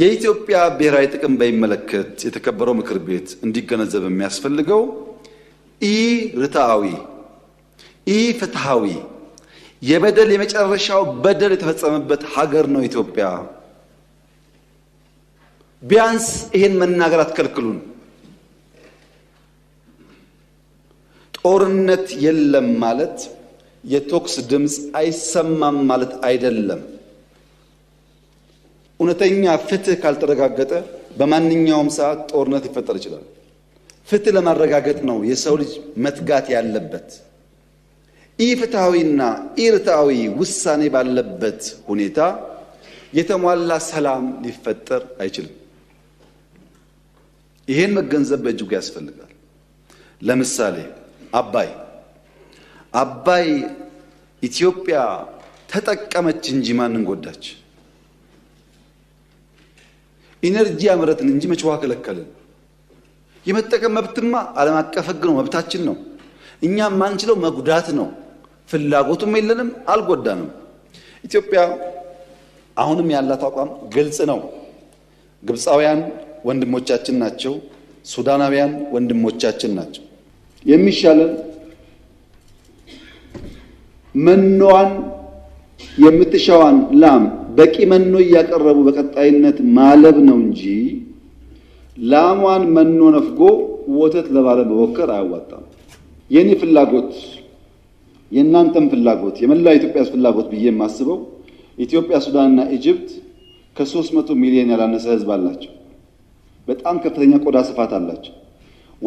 የኢትዮጵያ ብሔራዊ ጥቅም በሚመለከት የተከበረው ምክር ቤት እንዲገነዘብ የሚያስፈልገው ኢ ርትዓዊ ኢ የበደል የመጨረሻው በደል የተፈጸመበት ሀገር ነው ኢትዮጵያ። ቢያንስ ይህን መናገር አትከልክሉን። ጦርነት የለም ማለት የቶክስ ድምፅ አይሰማም ማለት አይደለም። እውነተኛ ፍትህ ካልተረጋገጠ በማንኛውም ሰዓት ጦርነት ሊፈጠር ይችላል። ፍትህ ለማረጋገጥ ነው የሰው ልጅ መትጋት ያለበት። ኢፍትሐዊና ኢርትዓዊ ውሳኔ ባለበት ሁኔታ የተሟላ ሰላም ሊፈጠር አይችልም። ይሄን መገንዘብ በእጅጉ ያስፈልጋል። ለምሳሌ አባይ አባይ ኢትዮጵያ ተጠቀመች እንጂ ማንን ጎዳች? ኢነርጂ ያመረትን እንጂ መች ውሃ ከለከልን? የመጠቀም መብትማ ዓለም አቀፍ ሕግ ነው፣ መብታችን ነው። እኛ የማንችለው መጉዳት ነው። ፍላጎቱም የለንም፣ አልጎዳንም። ኢትዮጵያ አሁንም ያላት አቋም ግልጽ ነው። ግብፃውያን ወንድሞቻችን ናቸው። ሱዳናውያን ወንድሞቻችን ናቸው። የሚሻለን መኖዋን የምትሻዋን ላም በቂ መኖ እያቀረቡ በቀጣይነት ማለብ ነው እንጂ ላሟን መኖ ነፍጎ ወተት ለባለ መሞከር አያዋጣም። የኔ ፍላጎት የእናንተም ፍላጎት የመላው ኢትዮጵያ ፍላጎት ብዬ የማስበው ኢትዮጵያ፣ ሱዳንና ኢጅፕት ከ300 ሚሊዮን ያላነሰ ህዝብ አላቸው። በጣም ከፍተኛ ቆዳ ስፋት አላቸው።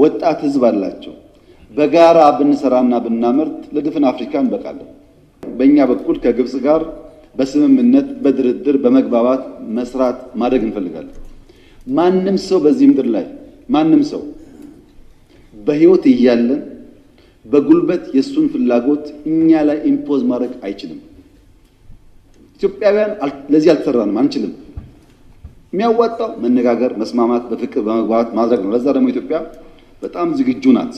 ወጣት ህዝብ አላቸው። በጋራ ብንሰራና ብናመርት ለድፍን አፍሪካ እንበቃለን። በእኛ በኩል ከግብፅ ጋር በስምምነት በድርድር በመግባባት መስራት ማድረግ እንፈልጋለን። ማንም ሰው በዚህ ምድር ላይ ማንም ሰው በህይወት እያለን በጉልበት የእሱን ፍላጎት እኛ ላይ ኢምፖዝ ማድረግ አይችልም። ኢትዮጵያውያን ለዚህ አልተሰራንም፣ አንችልም። የሚያዋጣው መነጋገር፣ መስማማት፣ በፍቅር በመግባባት ማድረግ ነው። ለዛ ደግሞ ኢትዮጵያ በጣም ዝግጁ ናት።